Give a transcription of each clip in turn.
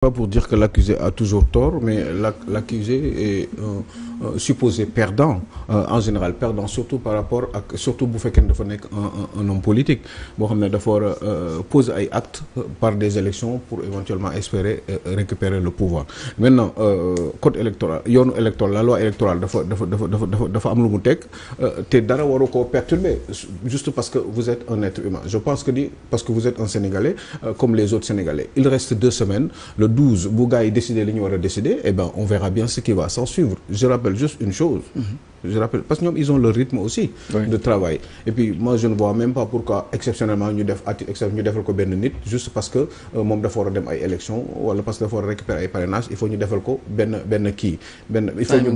pas pour dire que l'accusé a toujours tort, mais l'accusé est euh, euh supposé perdant, euh, en général perdant, surtout par rapport ak surtout bu fekkee ne dafa nekk un homme politique boo xam ne dafa war a euh, poser ay actes par des élections pour éventuellement espérer euh, récupérer le pouvoir maintenant code électoral yoonu électoral la loi électorale dafa dafa dafa dafa dafa am lu mu teg te dara waru koo perturber juste parce que vous êtes un être humain je pense que ni parce que vous êtes un Sénégalais comme les 12 bu gars yi décider li ñu war a décider eh ben on verra bien ce qui va s'en suivre je rappelle juste une chose. Mm -hmm. je rappelle parce que ñoom ils ont leur rythme aussi oui. de travail et puis moi je ne vois même pas pourquoi exceptionnellement ñu def ati ñu defal ko benn nit juste parce que euh, moom dafa war a dem ay élection wala parce que dafa war a récupérer ay parrainage il faut ñu defal ko benn kii benn il faut ñu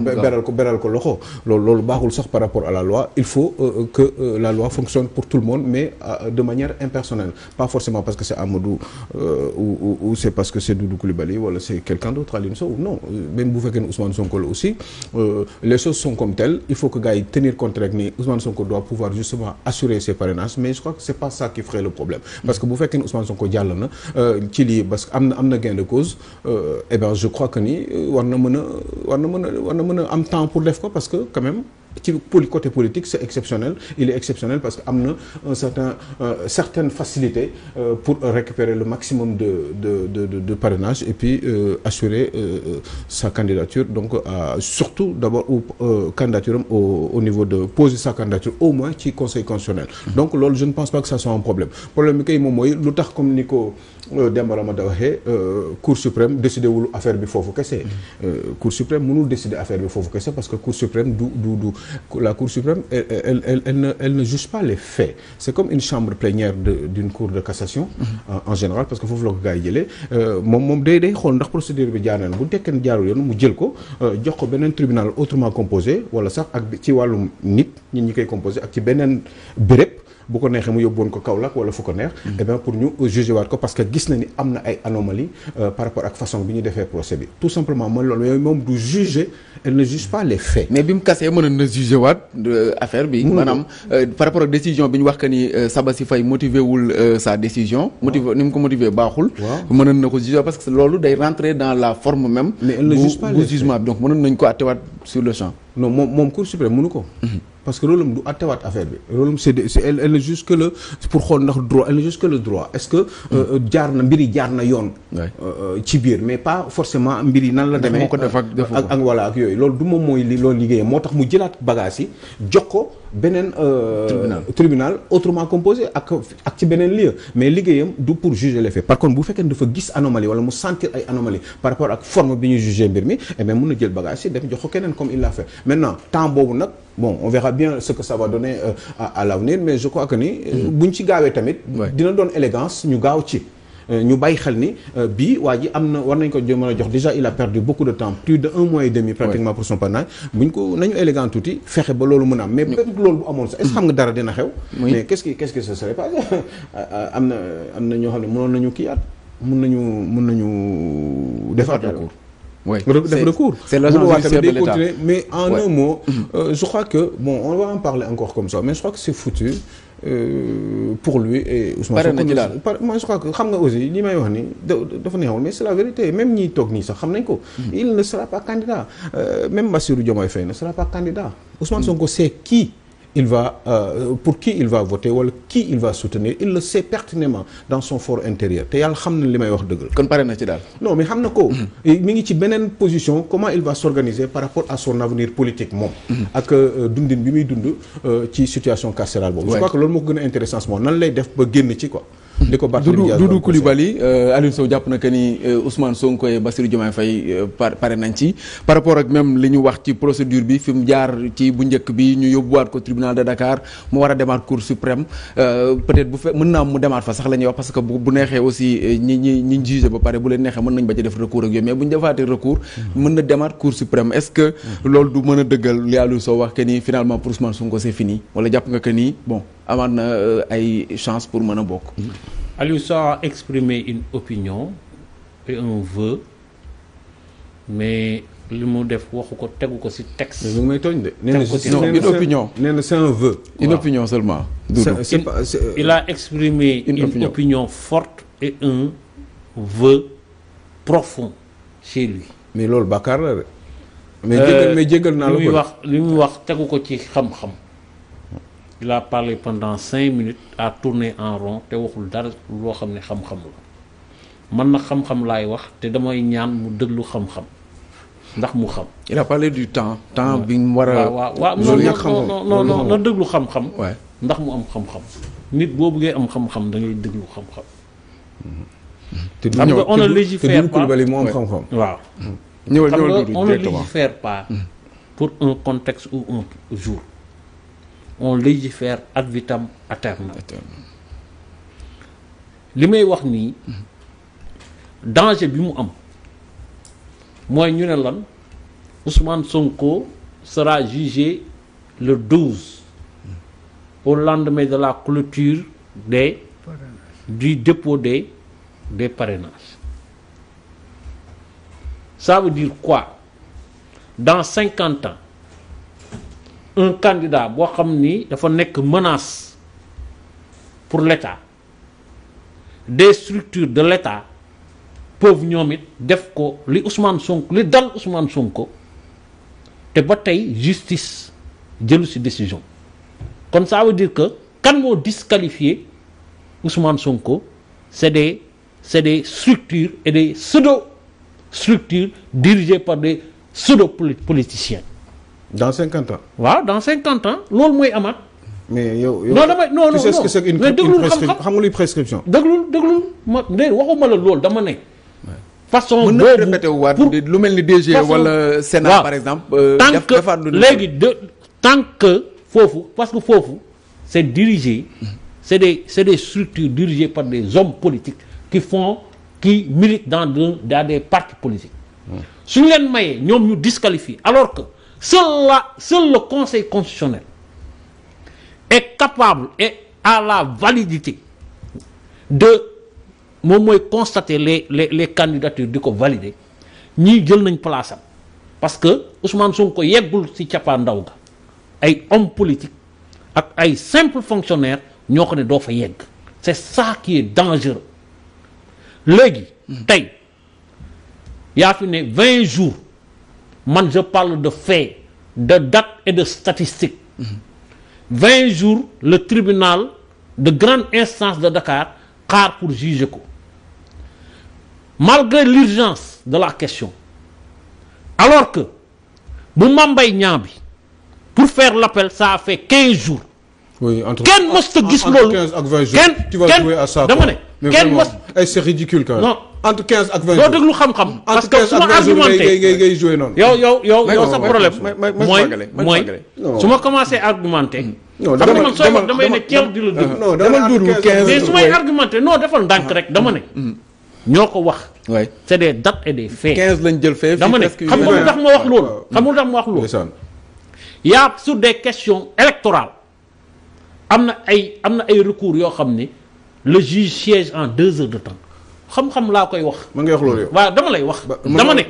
beral ko loxo loolu baaxul sax par rapport à la loi il faut euh, euh, que euh, la loi fonctionne pour tout le monde mais de manière impersonnelle pas forcément parce que c'est lequel il faut que gars yi tenir compte rek ni Ousmane Sonko doit pouvoir justement assurer ses parrainages mais je crois que c'est pas ça qui ferait le problème parce que bu fekkee ne Ousmane Sonko jàll na euh, ci lii parce que am na am na gain de cause euh, eh je crois que ni euh, war na mën a war na mën a a am temps pour def ko parce que quand ci côté politique c'est exceptionnel il est exceptionnel parce que am na un certain euh, certaine facilité euh, pour récupérer le maximum de de de de, de parrainage et puis euh, assurer euh, euh, sa candidature donc à, surtout d'abord au candidature am au, au niveau de poser sa candidature au moins ci conseil constitutionnel mmh. donc loolu je ne pense pas que ça soit un problème problème bi kay moom mooy lu tax comme ni ko Euh, Demba Ramata waxee euh, cour suprême décidé wul affaire bi foofu kese. Mm-hmm. Euh, cour suprême mënul décider affaire bi foofu kese parce que cour suprême du du du la cour suprême elle elle elle, elle ne elle ne juge pas les faits c' comme une chambre plénière de d' une cour de cassation. Mm-hmm. en, en général parce que foofu la ko gars yi jëlee moom moom day day xool ndax procédure bi jaar na bu tekkee jaarul yoon mu jël ko jox ko beneen tribunal autrement composé wala sax ak ci wàllum nit ñi ñi koy composé ak ci beneen béréb. bu ko neexee mu yóbboon ko Kaolack wala fu ko neex mm-hmm. eh bien pour ñu juger waat ko parce que gis na ni am na ay anomalie euh, par rapport ak façon bi ñu defee procès bi tout simplement mooy loolu yooyu moom du juger elle ne juge pas les faits mais bi mu kasee mën na juger waat euh, affaire bi maanaam euh, par décision bi ñu wax que ni Sabassi Faye motivé wul sa décision motivé ni mu ko motivé baaxul mënoon na ko juger parce que loolu day rentrer dans la forme même mais elle ne juge pas les faits bu jugement bi donc mënoon nañ ko attewaat sur le champ non moom moom cour suprême mënu ko mm-hmm. parce que rôlam du attewaat affaire bi rôlam c'est elle elle est juste que le pour xool ndax droit elle est juste que le droit est que euh, hmm. euh, jaar na mbir jaar na yoon euh, ci biir mais pas forcément mbir yi nan la demee def ak voilà ak yooyu loolu du moom mooy li loolu liggéeyam moo tax mu jëlaat bagage yi jox ko beneen. Euh, tribunal tribunal autrement composé ak ak ci beneen lieu mais liggéeyam du pour juger les par contre bu fekkee dafa gis anomalie wala mu sentir ay anomalie par rapport ak forme bi ñu juger mbir mi eh mun na jël bagage yi dem jox keneen comme il l'a fait maintenant temps boobu nag bon on verra bien ce que ça va donner euh, à à mais je crois que ni. Mm-hmm. bu ñu ci gaawee tamit. dina doon élégance ñu gaaw ci. Euh, ñu bàyyi xel ni euh, bi waa ji am na war nañ ko mën a jox déjà il a perdu beaucoup de temps plus de un mois et demi pratiquement pour son parrainage bu ñu ko nañu élégant tuuti fexe ba loolu mën a am mais peut-être loolu bu amoon sax est-ce xam nga dara dina xew mais qu'est-ce quest que ce serait pas am na am na ñoo xam ne mënoon nañu kii at mën nañu mun nañu def at recours oui def recours c'est l'agence de l'État mais en un mot mm-hmm. euh, je crois que bon comme ça mais je crois que c'est foutu pour lui et Ousmane Sonko daal moi je crois que xam nga aussi li may wax ni dafa neexul mais c'est la vérité même ñiy toog nii sax xam nañ ko mm-hmm. il ne sera pas candidat euh, même Bassirou Diomaye Faye ne sera pas candidat Ousmane mm-hmm. Sonko c'est qui il va euh, pour qui il va voter wala qui il va soutenir il le sait pertinemment dans son fort intérieur te yàlla xam na li may wax dëgg la. kon pare na ci daal. non mais xam na ko. Mhm. mi ngi ci beneen position comment il va s'organiser par rapport à son avenir politique moom. Mhm. ak euh, dundin bi muy dund euh, ci situation carcérale boobu. je crois que loolu moo ko gën a intéressant na lay def ba génn ci ko li ko Barthélémy Dias li Coulibaly Aliou jàpp na que ni euh, Ousmane Sonko et Bassirou Diomaye Faye euh, par pare nañ ci par rapport ak même li ñu wax ci procédure bi fi mu jaar ci bu njëkk bi ñu yóbbuwaat ko tribunal de Dakar mu war a demaat cour suprême euh, peut-être bu fe mën naa mu demaat fa sax la ñuy wax parce que bu neexee aussi ñi ñi ñi jugé ba pare bu leen neexee mën nañ ba ci def recours ak yooyu mais bu ñu defaatee recours mën na demaat cour suprême est que loolu du mën a dëggal li Aliou Sow wax que ni finalement pour Ousmane Sonko amaat na euh, ay chance pour mën a bokk. Aliou exprimer une opinion et un vœu mais li mu def waxu ko tegu ko si texte. mais mu ngi may tooñ de. tegu ko nee na c'est un vœu. une opinion seulement. Euh, il a exprimé une opinion forte et un vœu profond chez lui. mais loolu bàkkaar la de. Euh, mais jéggal mais jéggal naa la ko li muy wax li wax tegu ko ci xam-xam. il a parlé pendant cinq minutes à tourner en rond te waxul dara loo xam ne xam-xam la man na xam-xam laay wax te damay ñaan mu déglu xam-xam ndax mu xam. il a parlé du temps temps bi war a. waaw waaw non non non na xam-xam. ndax mu am xam-xam. nit boo buggee am xam-xam da ngay déglu xam-xam. te du ñëw on ne légifère pas mu am xam-xam. waaw. ñëwal ñëwal on ne légifère pas mm. pour un contexte ou un jour. on légifère ad vitam aeternam may wax nii danger bi mu am mooy ñu ne lan Ousmane Sonko sera jugé le 12 au lendemain de la clôture des du dépôt des de parrainages ça veut dire quoi dans cinquante ans un candidat boo xam ni dafa nekk menace pour l'État des structures de l'État peuvent ñoom it def ko li Ousmane Sonko li dal Ousmane Sonko te ba tey justice jëlu ci décision kon ça veut dire que kan moo disqualifié Ousmane Sonko c'est des c'est des structures et des pseudo structures dirigées par des pseudo politiciens dans cinquante ans. waaw dans cinquante ans loolu mooy amaat. mais yow yow non damay non non non tu sais ce que c'est une prescription xam nga luy prescription. déglul déglul ma de waxuma la loolu dama ne. façon boobu mën na répété waat lu mel ni DG wala Sénat par exemple. Euh, tant que léegi de tant que foofu parce que foofu c'est dirigé c'est des c'est des structures dirigées par des hommes politiques qui font qui militent dans des dans des partis politiques. suñu leen mayee ñoom ñu disqualifié alors que. Seul, la, seul le Conseil constitutionnel est capable et à la validité de moom mooy constater les les les candidatures di ko valider ñii jël nañ place parce que Ousmane ko yeggul ci cappaandaw ga ay homme politique ak ay simple fonctionnaire ñoo ko ne doo fa yegg c'est ça qui est dangereux léegi hmm. tey yaa fi ne vingt jours man je parle de faits de dates et de statistiques vingt jours le tribunal de grande instance de Dakar xaar pour juger ko malgré l'urgence de la question alors que bu mambay ñaam bi pour faire l'appel ça a fait jours oui entre kenn mës gis loolu entre quinze à ça dama ne kenn mës c'est ridicule quand entre quinze ak vingt jours doo déglu xam-xam. parce que su ma argumenté ngay ngay joué yow yow yow sa problème mooy su ma commencé argumenté. Mm. non dama dama xam nga man soo damay ne keroog di la déglu. non dama déglu quinze mais su may argumenté non defal ndànk rek dama ne. Mm. ñoo ko wax. waay c'est des dates et des faits. jël fee. dama ne xam nga lu tax ma wax loolu. xam nga lu tax ma wax loolu. y a sur des questions électorales am na ay am na ay recours yoo xam ni le juge siège en deux heures de temps. xam-xam laa koy wax. mën ngay wax loolu yow. dama lay wax. dama ne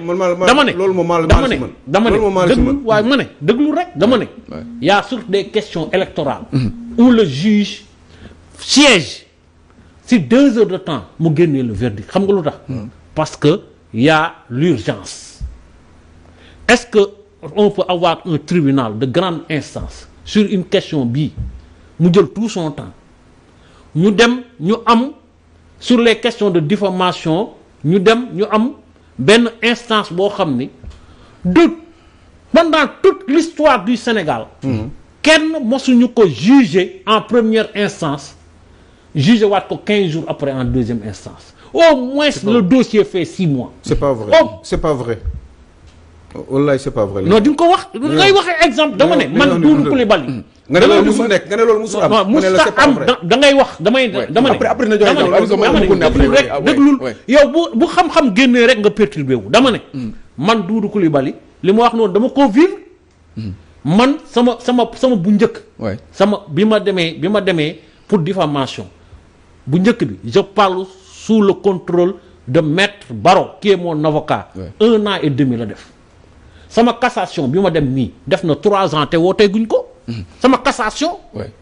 ma ne loolu moom maa dama ne dama ne déglu waaye ma ne déglu rek dama ne. y a sur des questions électorales. Mhm. où le juge siège si deux heures de temps mu génnee le verdict xam nga lu tax. parce que y a l'urgence est-ce que on peut avoir un tribunal de grande instance sur une question bi mu jël tout son temps ñu dem ñu am. sur les questions de diffamation ñu dem ñu am benn instance boo xam ni du pendant toute l'histoire du Sénégal mhm. kenn mosuñu ko juger en première instance juger waat ko quinze jours après en deuxième instance au moins le dossier fait six mois c'est pas vrai o oh. pas vrai wallaay c'est pas vrai non di nga ko wax ngay waxee exemple dama ne man Doudou Coulibaly nga ne loolu musul nekk nga ne loolu musul am mu ne am da ngay wax damay dama ne après na rek déglul yow bu xam-xam génnee rek nga perturbé wu dama ne man Doudou Coulibaly li ma wax noonu dama ko vivre man sama sama bu njëkk sama bi ma demee bi ma demee pour diffamation bu njëkk bi je parle sous le contrôle de maître Baro qui est mon avocat un an et demi la def sama cassation bi ma dem nii def na trois ans te wootee guñ ko sama cassation.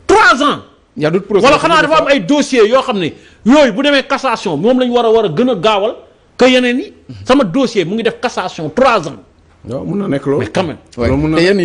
trois ans. y' a d'autres procès xanaa dafa am ay dossiers yoo xam ne yooyu bu demee cassation moom la ñu war a war a gën a gaawal que yeneen yi. Mm-hmm. sama dossier mu ngi def cassation trois ans. waaw mun na nekk loolu mais quand même.